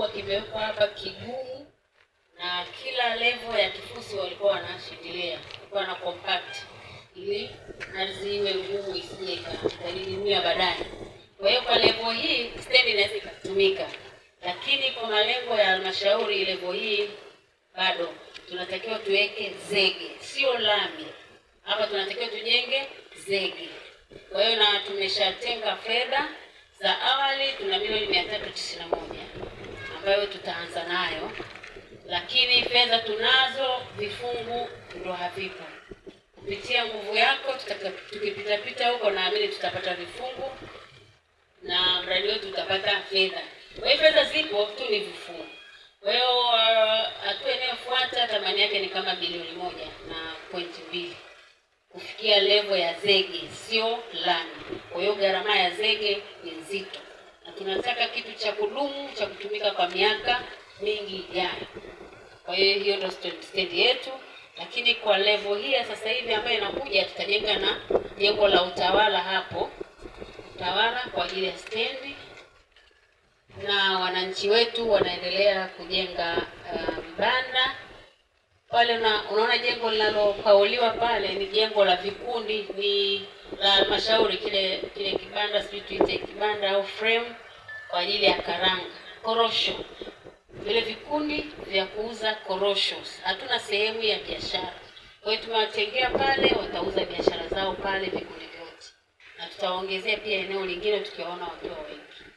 kikubwa kimewekwa hapa kigumu, na kila level ya kifusi walikuwa wanashindilia, walikuwa na compact ili ardhi iwe ngumu isije ikadidimia baadaye. Kwa hiyo kwa level hii stendi inaweza ikatumika, lakini kwa malengo ya halmashauri level hii bado tunatakiwa tuweke zege, sio lami. Hapa tunatakiwa tujenge zege. Kwa hiyo na tumeshatenga fedha za awali, tuna milioni mia tatu tisini na moja ambayo tutaanza nayo, lakini fedha tunazo, vifungu ndo havipo. Kupitia nguvu yako, tukipitapita huko, naamini tutapata vifungu na mradi wetu utapata fedha. Kwa hiyo fedha zipo tu, ni vifungu. Kwa hiyo uh, hatua inayofuata thamani yake ni kama bilioni moja na pointi mbili kufikia levo ya zege, sio lami. Kwa hiyo gharama ya zege ni nzito na tunataka kitu cha kudumu cha kutumika kwa miaka mingi ijayo. Kwa hiyo hiyo ndio stendi yetu, lakini kwa level hii ya sasa hivi ambayo inakuja, tutajenga na jengo la utawala hapo utawala kwa ajili ya stendi, na wananchi wetu wanaendelea kujenga uh, vibanda uh, pale na maana jengo linalokauliwa pale ni jengo la vikundi, ni la halmashauri, kile kile kibanda, sijui tuite kibanda au frame kwa ajili ya karanga, korosho, vile vikundi vya kuuza korosho. Hatuna sehemu ya biashara, kwa hiyo tumewatengea pale, watauza biashara zao pale vikundi vyote, na tutawaongezea pia eneo lingine tukiwaona wakiwa wengi.